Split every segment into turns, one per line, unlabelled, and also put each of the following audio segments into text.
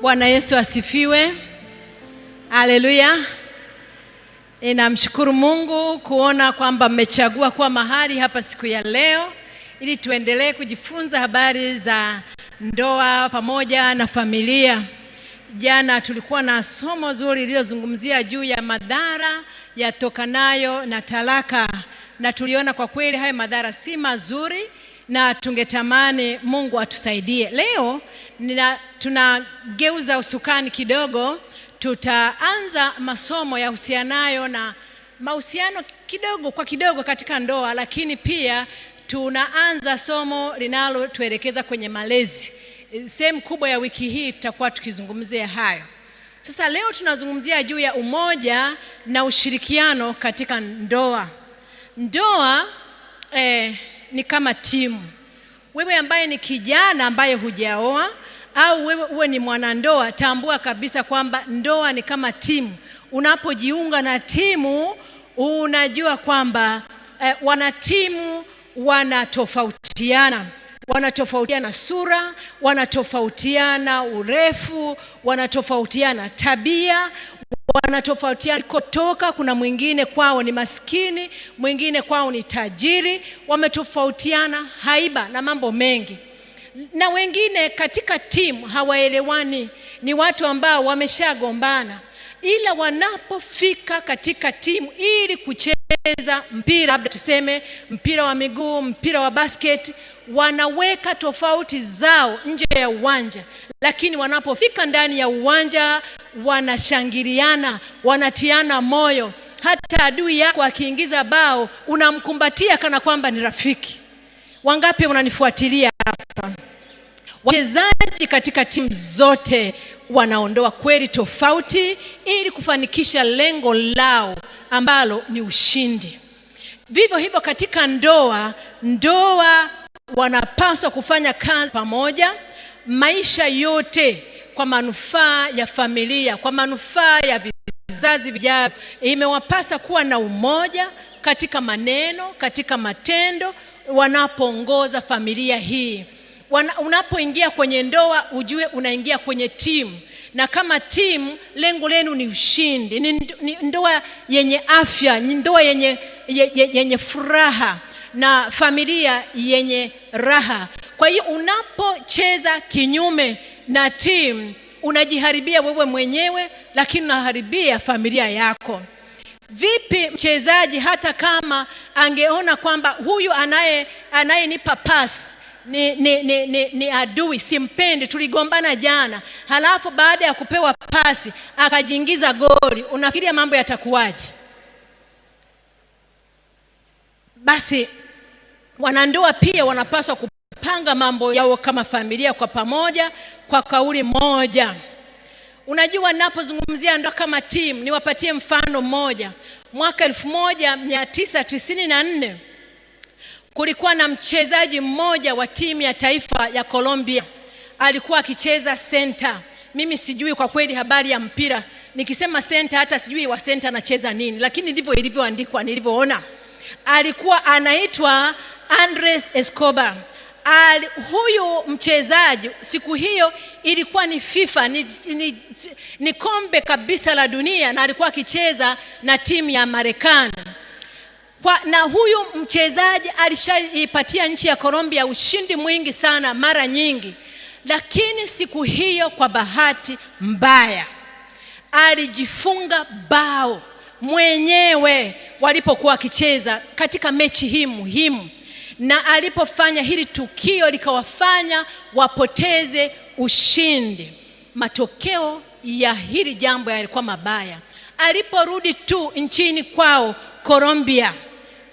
Bwana Yesu asifiwe. Haleluya. Ninamshukuru Mungu kuona kwamba mmechagua kuwa mahali hapa siku ya leo ili tuendelee kujifunza habari za ndoa pamoja na familia. Jana tulikuwa na somo zuri lililozungumzia juu ya madhara yatokanayo na talaka, na tuliona kwa kweli haya madhara si mazuri na tungetamani Mungu atusaidie. Leo nina, tunageuza usukani kidogo, tutaanza masomo yahusianayo na mahusiano kidogo kwa kidogo katika ndoa, lakini pia tunaanza somo linalotuelekeza kwenye malezi. Sehemu kubwa ya wiki hii tutakuwa tukizungumzia hayo. Sasa leo tunazungumzia juu ya umoja na ushirikiano katika ndoa. Ndoa eh, ni kama timu. Wewe ambaye ni kijana ambaye hujaoa au wewe uwe ni mwanandoa, tambua kabisa kwamba ndoa ni kama timu. Unapojiunga na timu, unajua kwamba eh, wanatimu wanatofautiana wanatofautiana sura, wanatofautiana urefu, wanatofautiana tabia, wanatofautiana kotoka. Kuna mwingine kwao ni maskini, mwingine kwao ni tajiri, wametofautiana haiba na mambo mengi, na wengine katika timu hawaelewani, ni watu ambao wameshagombana ila wanapofika katika timu ili kucheza mpira, labda tuseme mpira wa miguu, mpira wa basket, wanaweka tofauti zao nje ya uwanja, lakini wanapofika ndani ya uwanja wanashangiliana, wanatiana moyo. Hata adui yako akiingiza bao unamkumbatia kana kwamba ni rafiki. Wangapi wananifuatilia hapa? Wachezaji katika timu zote wanaondoa kweli tofauti ili kufanikisha lengo lao ambalo ni ushindi. Vivyo hivyo katika ndoa, ndoa wanapaswa kufanya kazi pamoja maisha yote kwa manufaa ya familia, kwa manufaa ya vizazi vijavyo. Imewapasa kuwa na umoja katika maneno, katika matendo wanapoongoza familia hii. Unapoingia kwenye ndoa, ujue unaingia kwenye timu, na kama timu lengo lenu ni ushindi, ni ndoa yenye afya, ni ndoa yenye, yenye furaha na familia yenye raha. Kwa hiyo unapocheza kinyume na timu unajiharibia wewe mwenyewe, lakini unaharibia familia yako. Vipi mchezaji hata kama angeona kwamba huyu anaye anayenipa pasi ni, ni, ni, ni, ni adui, simpendi, tuligombana jana, halafu baada ya kupewa pasi akajiingiza goli, unafikiria mambo yatakuwaje? Basi wanandoa pia wanapaswa kupanga mambo yao kama familia kwa pamoja, kwa kauli moja. Unajua, ninapozungumzia ndoa kama timu, niwapatie mfano mmoja. Mwaka 1994 Kulikuwa na mchezaji mmoja wa timu ya taifa ya Colombia alikuwa akicheza senta. Mimi sijui kwa kweli habari ya mpira, nikisema senta hata sijui wa senta anacheza nini, lakini ndivyo ilivyoandikwa nilivyoona. Alikuwa anaitwa Andres Escobar. Al, huyu mchezaji siku hiyo ilikuwa ni FIFA ni, ni, ni kombe kabisa la dunia, na alikuwa akicheza na timu ya Marekani. Kwa, na huyu mchezaji alishaipatia nchi ya Colombia ushindi mwingi sana mara nyingi, lakini siku hiyo kwa bahati mbaya alijifunga bao mwenyewe walipokuwa wakicheza katika mechi hii muhimu, na alipofanya hili tukio likawafanya wapoteze ushindi. Matokeo ya hili jambo yalikuwa mabaya. Aliporudi tu nchini kwao Colombia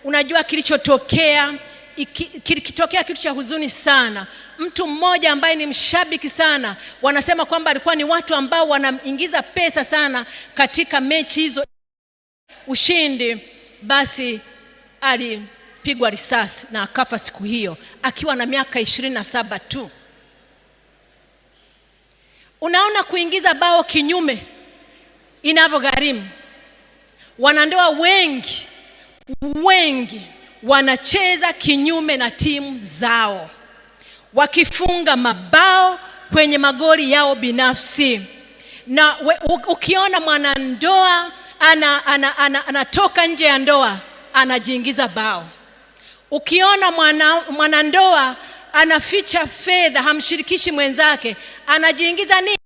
Unajua kilichotokea Kilikitokea kitu cha huzuni sana. Mtu mmoja ambaye ni mshabiki sana, wanasema kwamba alikuwa ni watu ambao wanaingiza pesa sana katika mechi hizo, ushindi, basi alipigwa risasi na akafa siku hiyo akiwa na miaka ishirini na saba tu. Unaona, kuingiza bao kinyume inavyogharimu wanandoa wengi wengi wanacheza kinyume na timu zao, wakifunga mabao kwenye magoli yao binafsi, na we, ukiona mwanandoa anatoka ana, ana, ana nje ya ndoa anajiingiza bao. Ukiona mwanandoa mwana anaficha fedha, hamshirikishi mwenzake, anajiingiza nini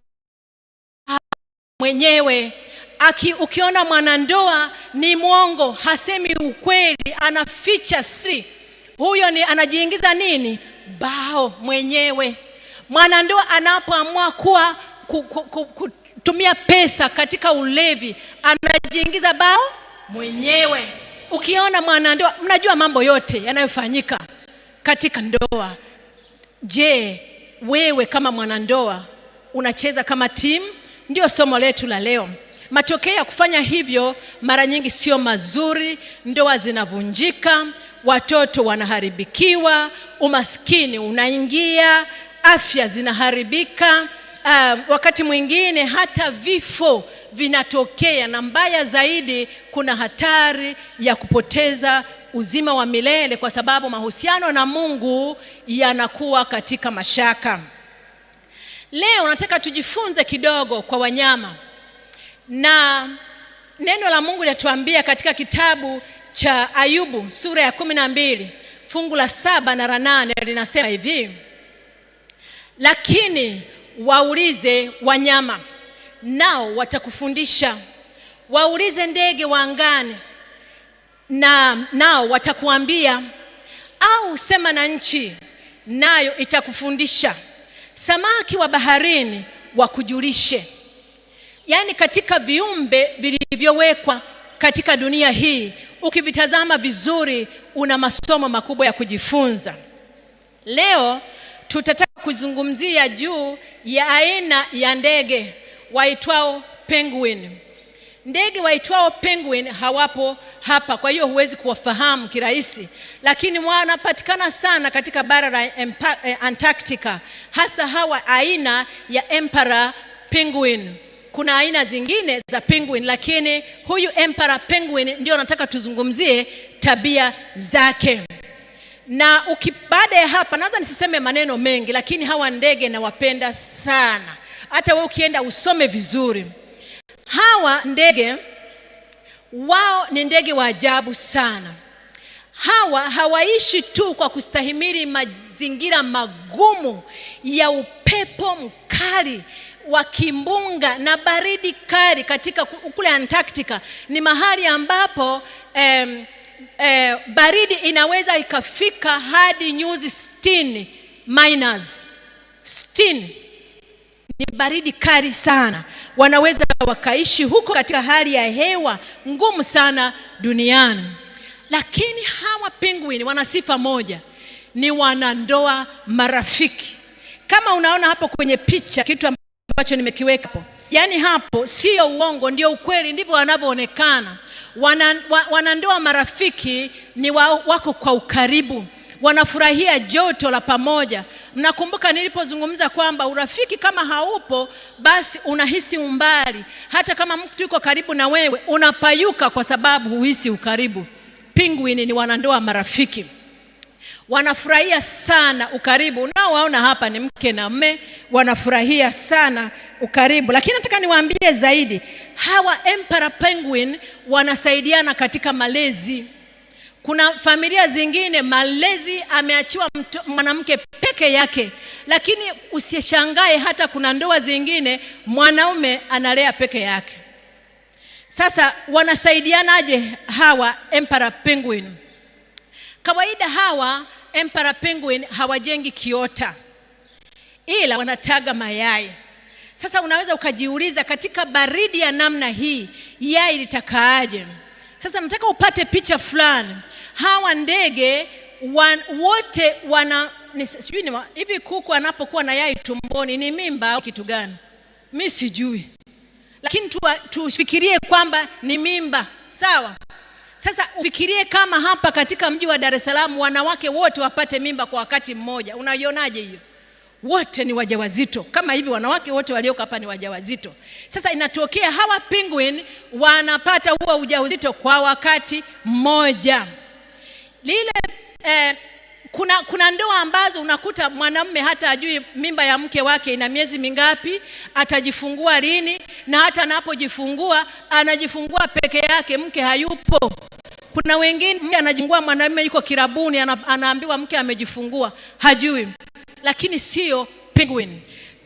mwenyewe Aki, ukiona mwanandoa ni mwongo, hasemi ukweli, anaficha siri, huyo ni anajiingiza nini bao mwenyewe. Mwanandoa anapoamua kuwa kutumia pesa katika ulevi, anajiingiza bao mwenyewe. Ukiona mwanandoa, mnajua mambo yote yanayofanyika katika ndoa. Je, wewe kama mwanandoa unacheza kama timu? Ndio somo letu la leo. Matokeo ya kufanya hivyo mara nyingi sio mazuri. Ndoa zinavunjika, watoto wanaharibikiwa, umaskini unaingia, afya zinaharibika. Uh, wakati mwingine hata vifo vinatokea, na mbaya zaidi, kuna hatari ya kupoteza uzima wa milele kwa sababu mahusiano na Mungu yanakuwa katika mashaka. Leo nataka tujifunze kidogo kwa wanyama na neno la Mungu linatuambia katika kitabu cha Ayubu sura ya kumi na mbili fungu la saba na la nane linasema hivi: lakini waulize wanyama nao watakufundisha, waulize ndege wa angani na nao watakuambia, au sema na nchi nayo itakufundisha, samaki wa baharini wakujulishe yaani katika viumbe vilivyowekwa katika dunia hii, ukivitazama vizuri, una masomo makubwa ya kujifunza. Leo tutataka kuzungumzia juu ya aina ya ndege waitwao penguin. Ndege waitwao penguin hawapo hapa, kwa hiyo huwezi kuwafahamu kirahisi, lakini wanapatikana sana katika bara la eh, Antarctica, hasa hawa aina ya emperor penguin. Kuna aina zingine za penguin, lakini huyu emperor penguin ndio nataka tuzungumzie tabia zake. Na baada ya hapa, naweza nisiseme maneno mengi, lakini hawa ndege nawapenda sana. Hata wewe ukienda usome vizuri, hawa ndege wao ni ndege wa ajabu sana. Hawa hawaishi tu kwa kustahimili mazingira magumu ya upepo mkali wa kimbunga na baridi kali katika kule Antarctica ni mahali ambapo eh, eh, baridi inaweza ikafika hadi nyuzi sitini minus sitini. Ni baridi kali sana, wanaweza wakaishi huko katika hali ya hewa ngumu sana duniani. Lakini hawa penguin wana sifa moja, ni wanandoa marafiki. Kama unaona hapo kwenye picha kitu ambacho nimekiweka hapo. Yaani hapo sio uongo, ndio ukweli, ndivyo wanavyoonekana. Wana, wa, wanandoa marafiki ni wa, wako kwa ukaribu, wanafurahia joto la pamoja. Mnakumbuka nilipozungumza kwamba urafiki kama haupo basi unahisi umbali, hata kama mtu yuko karibu na wewe unapayuka, kwa sababu huhisi ukaribu. Pingwini ni wanandoa marafiki wanafurahia sana ukaribu unaowaona hapa, ni mke na mme, wanafurahia sana ukaribu. Lakini nataka niwaambie zaidi, hawa emperor penguin wanasaidiana katika malezi. Kuna familia zingine malezi ameachiwa mwanamke peke yake, lakini usishangae hata kuna ndoa zingine mwanaume analea peke yake. Sasa wanasaidianaje hawa emperor penguin? Kawaida hawa emperor penguin hawajengi kiota, ila wanataga mayai. Sasa unaweza ukajiuliza, katika baridi ya namna hii yai litakaaje? Sasa nataka upate picha fulani. Hawa ndege wan, wote wana sijui hivi, kuku anapokuwa na yai tumboni ni mimba kitu gani? Mi sijui, lakini tufikirie tu kwamba ni mimba, sawa sasa ufikirie kama hapa katika mji wa Dar es Salaam wanawake wote wapate mimba kwa wakati mmoja, unaionaje hiyo? Wote ni wajawazito kama hivi, wanawake wote walioko hapa ni wajawazito. Sasa inatokea hawa penguin wanapata huo ujauzito kwa wakati mmoja lile eh, kuna, kuna ndoa ambazo unakuta mwanamume hata ajui mimba ya mke wake ina miezi mingapi, atajifungua lini, na hata anapojifungua anajifungua peke yake, mke hayupo. Kuna wengine mke anajifungua, mwanamume yuko kirabuni, anaambiwa mke amejifungua, hajui. Lakini sio penguin.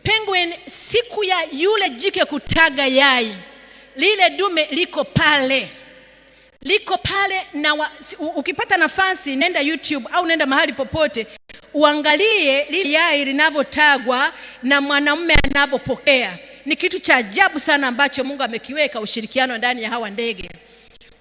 Penguin, siku ya yule jike kutaga yai, lile dume liko pale liko pale na wa, ukipata nafasi nenda YouTube au nenda mahali popote uangalie lile yai linavyotagwa na mwanamume anavyopokea. Ni kitu cha ajabu sana ambacho Mungu amekiweka ushirikiano ndani ya hawa ndege.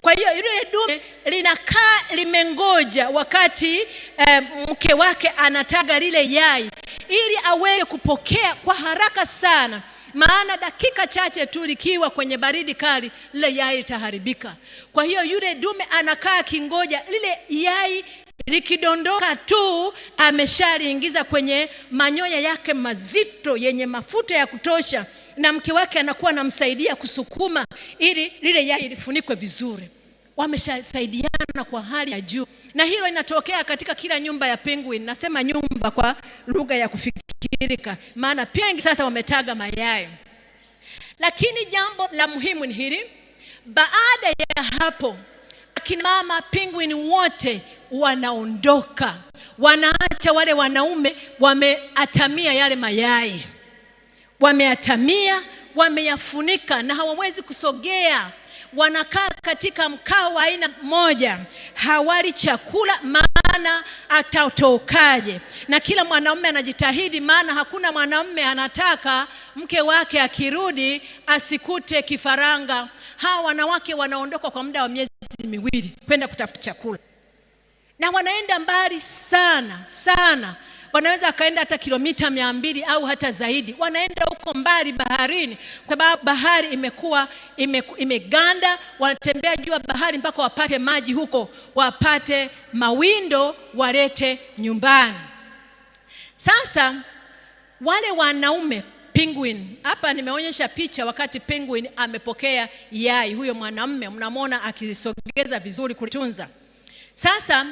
Kwa hiyo yule dume linakaa limengoja wakati eh, mke wake anataga lile yai ili aweze kupokea kwa haraka sana maana dakika chache tu likiwa kwenye baridi kali lile yai litaharibika. Kwa hiyo yule dume anakaa kingoja lile yai likidondoka tu ameshaliingiza kwenye manyoya yake mazito yenye mafuta ya kutosha, na mke wake anakuwa anamsaidia kusukuma ili lile yai lifunikwe vizuri wameshasaidiana kwa hali ya juu, na hilo inatokea katika kila nyumba ya penguin. Nasema nyumba kwa lugha ya kufikirika, maana pengi sasa wametaga mayai. Lakini jambo la muhimu ni hili, baada ya hapo akina mama penguin wote wanaondoka, wanaacha wale wanaume wameatamia yale mayai, wameatamia, wameyafunika na hawawezi kusogea wanakaa katika mkao wa aina moja, hawali chakula, maana atatokaje? Na kila mwanaume anajitahidi, maana hakuna mwanaume anataka mke wake akirudi asikute kifaranga. Hawa wanawake wanaondoka kwa muda wa miezi miwili kwenda kutafuta chakula, na wanaenda mbali sana sana wanaweza wakaenda hata kilomita mia mbili au hata zaidi, wanaenda huko mbali baharini, kwa sababu bahari imekuwa imeganda, imeganda. Wanatembea juu ya bahari mpaka wapate maji huko, wapate mawindo, walete nyumbani. Sasa wale wanaume penguin hapa nimeonyesha picha wakati penguin amepokea yai, huyo mwanamume mnamwona akisogeza vizuri kulitunza. Sasa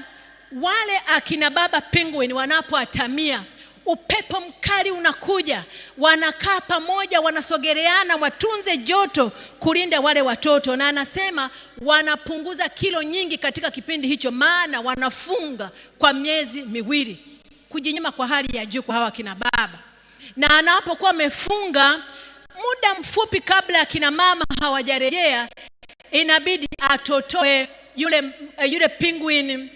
wale akina baba penguin wanapoatamia upepo mkali unakuja, wanakaa pamoja, wanasogereana, watunze joto kulinda wale watoto, na anasema wanapunguza kilo nyingi katika kipindi hicho, maana wanafunga kwa miezi miwili, kujinyima kwa hali ya juu kwa hawa kina baba. Na anapokuwa amefunga muda mfupi kabla ya kina mama hawajarejea, inabidi atotoe yule, eh, yule penguin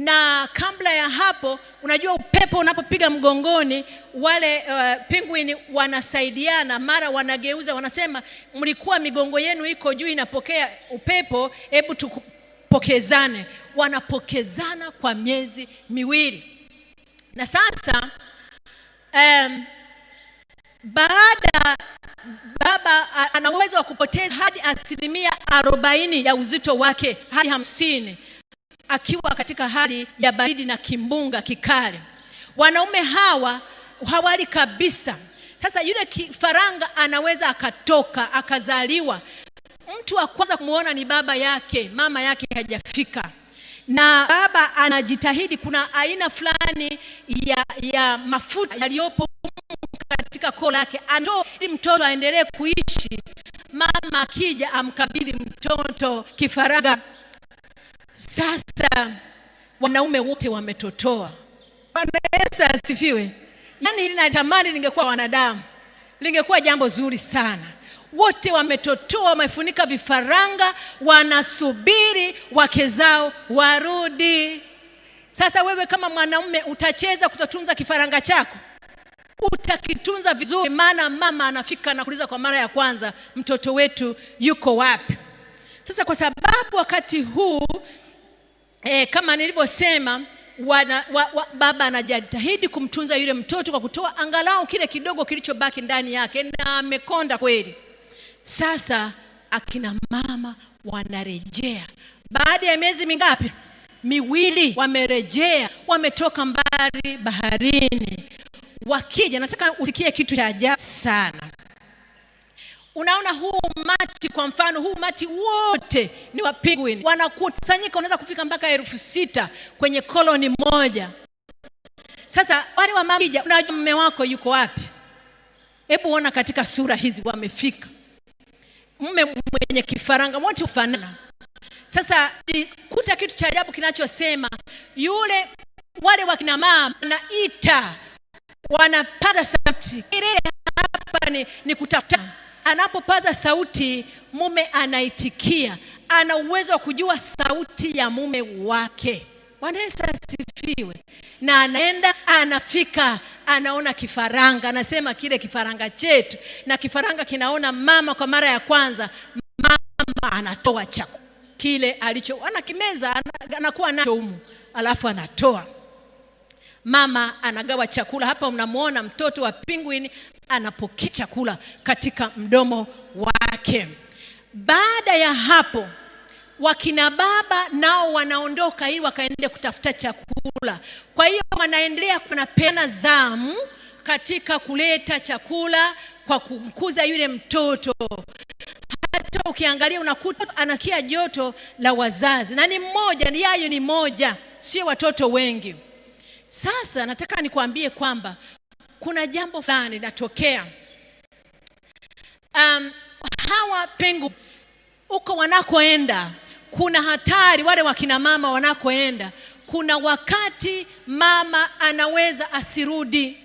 na kabla ya hapo, unajua upepo unapopiga mgongoni, wale uh, penguin wanasaidiana, mara wanageuza, wanasema mlikuwa migongo yenu iko juu inapokea upepo, hebu tupokezane. Wanapokezana kwa miezi miwili, na sasa um, baada baba ana uwezo wa kupoteza hadi asilimia arobaini ya uzito wake hadi hamsini akiwa katika hali ya baridi na kimbunga kikali. Wanaume hawa hawali kabisa. Sasa yule kifaranga anaweza akatoka akazaliwa, mtu wa kwanza kumwona ni baba yake, mama yake hajafika, na baba anajitahidi. Kuna aina fulani ya, ya mafuta yaliyopo katika koo lake andoo, ili mtoto aendelee kuishi. Mama akija amkabidhi mtoto kifaranga sasa wanaume wote wametotoa. Bwana Yesu asifiwe. Yaani natamani ningekuwa wanadamu, lingekuwa jambo zuri sana. Wote wametotoa, wamefunika vifaranga, wanasubiri wake zao warudi. Sasa wewe kama mwanaume utacheza kutotunza kifaranga chako? Utakitunza vizuri, maana mama anafika na kwa mara ya kwanza, mtoto wetu yuko wapi? Sasa kwa sababu wakati huu e, kama nilivyosema wana, wa, wa, baba anajitahidi kumtunza yule mtoto kwa kutoa angalau kile kidogo kilichobaki ndani yake, na amekonda kweli. Sasa akina mama wanarejea baada ya miezi mingapi? Miwili. Wamerejea, wametoka mbali baharini. Wakija, nataka usikie kitu cha ajabu sana. Unaona huu umati, kwa mfano huu umati wote ni wa penguin, wanakusanyika, wanaweza kufika mpaka elfu sita kwenye koloni moja. Sasa wale wa unajua mume wako yuko wapi? Hebu ona katika sura hizi, wamefika mume mwenye kifaranga wote ufanana. Sasa kuta kitu cha ajabu kinachosema yule, wale wakina mama wanaita, wanapaza sauti, kelele hapa ni, ni kutafuta Anapopaza sauti, mume anaitikia. Ana uwezo wa kujua sauti ya mume wake. Bwana Yesu asifiwe. Na anaenda anafika, anaona kifaranga, anasema kile kifaranga chetu, na kifaranga kinaona mama kwa mara ya kwanza. Mama anatoa chakula kile alicho anakimeza, anakuwa nacho humu, alafu anatoa mama anagawa chakula. Hapa unamwona mtoto wa pinguini anapokea chakula katika mdomo wake. Baada ya hapo wakina baba nao wanaondoka ili wakaende kutafuta chakula. Kwa hiyo wanaendelea kunapeana zamu katika kuleta chakula kwa kumkuza yule mtoto. Hata ukiangalia unakuta anasikia joto la wazazi, na ni mmoja yayo, ni moja, sio watoto wengi. Sasa nataka nikuambie kwamba kuna jambo fulani linatokea. Um, hawa pengu uko wanakoenda kuna hatari. Wale wakina mama wanakoenda, kuna wakati mama anaweza asirudi,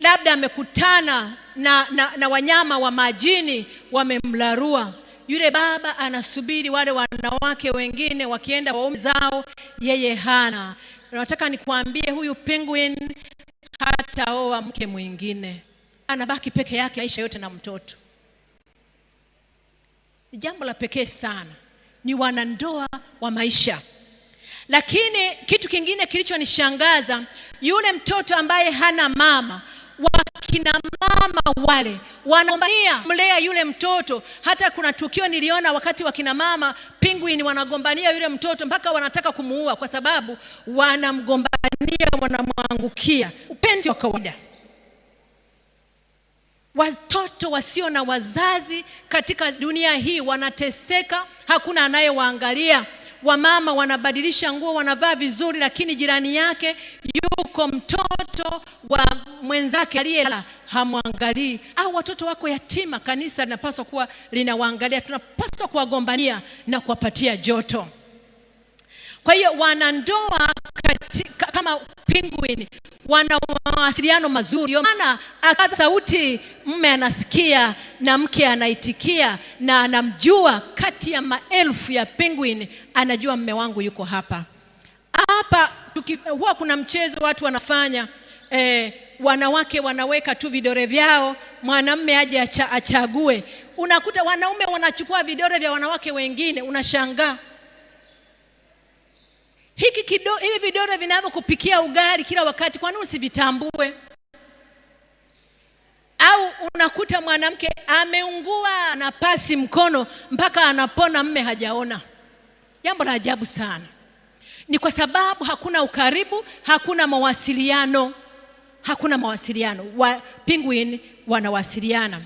labda amekutana na, na, na wanyama wa majini wamemlarua yule baba anasubiri wale wanawake wengine wakienda waume zao, yeye hana. Nataka nikuambie huyu penguin hataoa mke mwingine, anabaki peke yake maisha yote na mtoto. Ni jambo la pekee sana, ni wanandoa wa maisha. Lakini kitu kingine kilichonishangaza, yule mtoto ambaye hana mama wakina mama wale wanagombania mlea yule mtoto. Hata kuna tukio niliona wakati wakina mama pingwini wanagombania yule mtoto mpaka wanataka kumuua, kwa sababu wanamgombania, wanamwangukia. Upenzi wa kawaida Watoto wasio na wazazi katika dunia hii wanateseka, hakuna anayewaangalia wamama wanabadilisha nguo, wanavaa vizuri, lakini jirani yake yuko mtoto wa mwenzake aliyelala hamwangalii, au watoto wako yatima. Kanisa linapaswa kuwa linawaangalia, tunapaswa kuwagombania na kuwapatia joto. Kwa hiyo wanandoa katika, kama penguin wana mawasiliano mazuri, maana akata sauti mme anasikia na mke anaitikia na anamjua. Kati ya maelfu ya penguin anajua mme wangu yuko hapa hapa. Huwa kuna mchezo watu wanafanya eh, wanawake wanaweka tu vidole vyao, mwanamme aje acha, achague. Unakuta wanaume wanachukua vidole vya wanawake wengine, unashangaa hiki kido, hivi vidole vinavyokupikia ugali kila wakati, kwa nini usivitambue? Au unakuta mwanamke ameungua na pasi mkono mpaka anapona, mme hajaona. Jambo la ajabu sana, ni kwa sababu hakuna ukaribu, hakuna mawasiliano, hakuna mawasiliano. Wa, penguin wanawasiliana,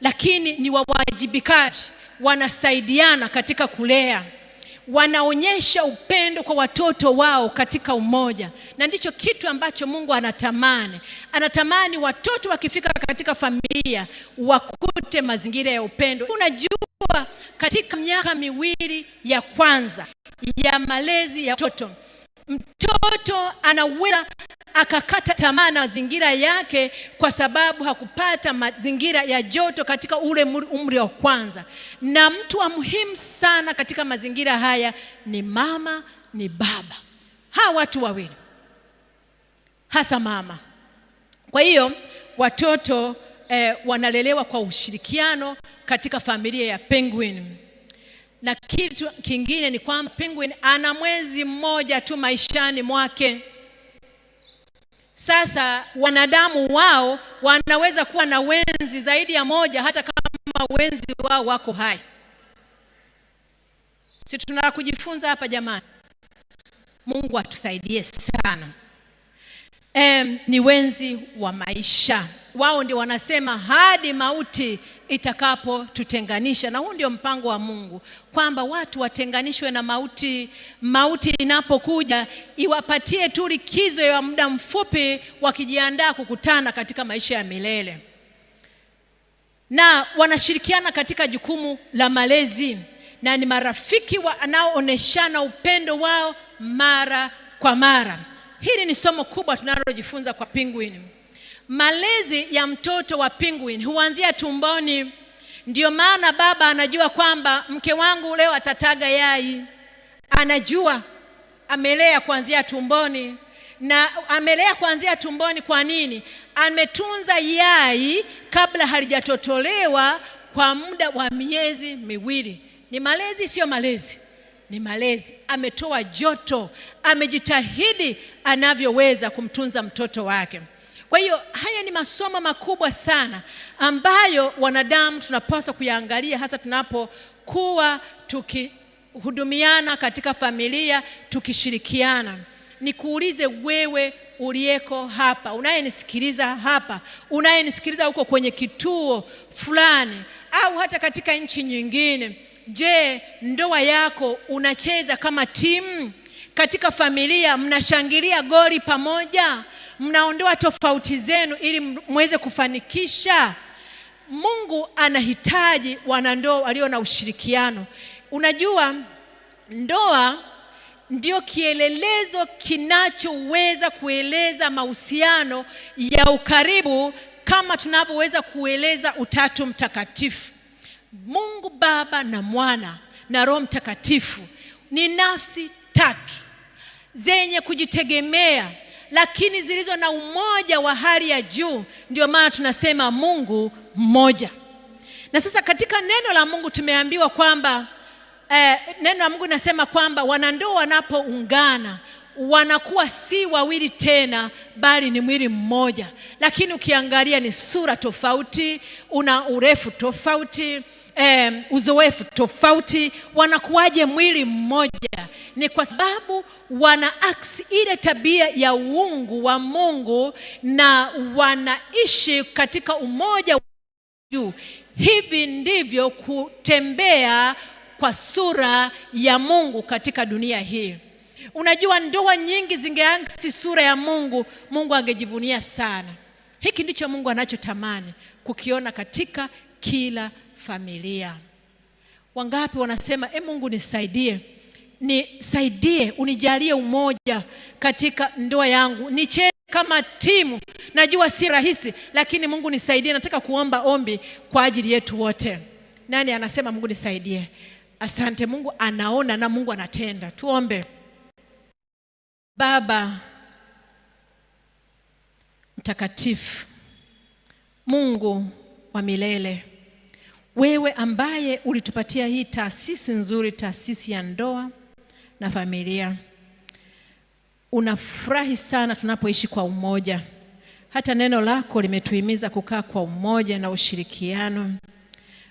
lakini ni wawajibikaji, wanasaidiana katika kulea wanaonyesha upendo kwa watoto wao katika umoja, na ndicho kitu ambacho Mungu anatamani. Anatamani watoto wakifika katika familia wakute mazingira ya upendo. Unajua, katika miaka miwili ya kwanza ya malezi ya mtoto Mtoto anaweza akakata tamaa na mazingira yake kwa sababu hakupata mazingira ya joto katika ule umri wa kwanza. Na mtu wa muhimu sana katika mazingira haya ni mama, ni baba, hawa watu wawili, hasa mama. Kwa hiyo watoto eh, wanalelewa kwa ushirikiano katika familia ya Penguin na kitu kingine ni kwamba Penguin ana mwezi mmoja tu maishani mwake. Sasa wanadamu wao wanaweza kuwa na wenzi zaidi ya moja, hata kama wenzi wao wako hai. Si tuna kujifunza hapa jamani? Mungu atusaidie sana. Em, ni wenzi wa maisha wao ndio wanasema hadi mauti itakapotutenganisha. Na huu ndio mpango wa Mungu kwamba watu watenganishwe na mauti. Mauti inapokuja iwapatie tu likizo ya muda mfupi, wakijiandaa kukutana katika maisha ya milele, na wanashirikiana katika jukumu la malezi na ni marafiki wanaoonyeshana upendo wao mara kwa mara. Hili ni somo kubwa tunalojifunza kwa pingwini Malezi ya mtoto wa penguin huanzia tumboni. ndio maana baba anajua kwamba mke wangu leo atataga yai, anajua amelea kuanzia tumboni na amelea kuanzia tumboni. Kwa nini? Ametunza yai kabla halijatotolewa kwa muda wa miezi miwili. Ni malezi, siyo malezi? Ni malezi. Ametoa joto, amejitahidi anavyoweza kumtunza mtoto wake. Kwa hiyo haya ni masomo makubwa sana ambayo wanadamu tunapaswa kuyaangalia, hasa tunapokuwa tukihudumiana katika familia, tukishirikiana. Nikuulize wewe uliyeko hapa, unayenisikiliza hapa, unayenisikiliza huko kwenye kituo fulani, au hata katika nchi nyingine. Je, ndoa yako unacheza kama timu? Katika familia mnashangilia goli pamoja? mnaondoa tofauti zenu ili mweze kufanikisha. Mungu anahitaji wanandoa walio na ushirikiano. Unajua, ndoa ndio kielelezo kinachoweza kueleza mahusiano ya ukaribu kama tunavyoweza kueleza utatu mtakatifu, Mungu Baba na Mwana na Roho Mtakatifu. Ni nafsi tatu zenye kujitegemea lakini zilizo na umoja wa hali ya juu. Ndio maana tunasema Mungu mmoja. Na sasa katika neno la Mungu tumeambiwa kwamba eh, neno la Mungu linasema kwamba wanandoa wanapoungana wanakuwa si wawili tena, bali ni mwili mmoja. Lakini ukiangalia ni sura tofauti, una urefu tofauti eh, uzoefu tofauti, wanakuwaje mwili mmoja? Ni kwa sababu wanaaksi ile tabia ya uungu wa Mungu na wanaishi katika umoja wa juu. Hivi ndivyo kutembea kwa sura ya Mungu katika dunia hii. Unajua, ndoa nyingi zingeaksi sura ya Mungu, Mungu angejivunia sana. Hiki ndicho Mungu anachotamani kukiona katika kila familia. Wangapi wanasema e, Mungu nisaidie, nisaidie, unijalie umoja katika ndoa yangu, nicheze kama timu. Najua si rahisi, lakini Mungu nisaidie. Nataka kuomba ombi kwa ajili yetu wote. Nani anasema Mungu nisaidie? Asante. Mungu anaona na Mungu anatenda. Tuombe. Baba mtakatifu, Mungu wa milele wewe ambaye ulitupatia hii taasisi nzuri, taasisi ya ndoa na familia. Unafurahi sana tunapoishi kwa umoja. Hata neno lako limetuhimiza kukaa kwa umoja na ushirikiano.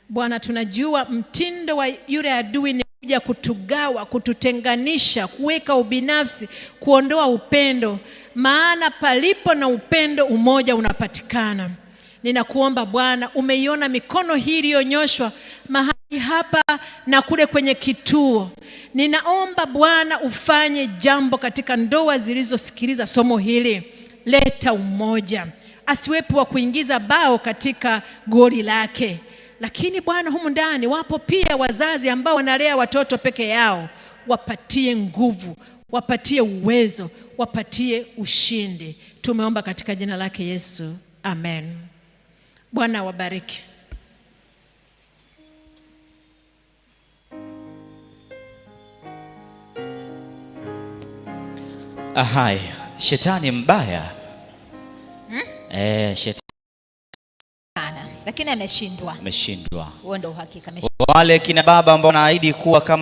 Bwana, tunajua mtindo wa yule adui ni kuja kutugawa, kututenganisha, kuweka ubinafsi, kuondoa upendo. Maana palipo na upendo, umoja unapatikana. Ninakuomba Bwana, umeiona mikono hii iliyonyoshwa mahali hapa na kule kwenye kituo. Ninaomba Bwana ufanye jambo katika ndoa zilizosikiliza somo hili. Leta umoja, asiwepo wa kuingiza bao katika goli lake. Lakini Bwana, humu ndani wapo pia wazazi ambao wanalea watoto peke yao. Wapatie nguvu, wapatie uwezo, wapatie ushindi. Tumeomba katika jina lake Yesu, amen. Bwana wabariki.
Ahai, shetani mbaya hmm? E, shetani lakini ameshindwa, ameshindwa. Huo ndio uhakika ameshindwa. Wale kina baba ambao wanaahidi kuwa kama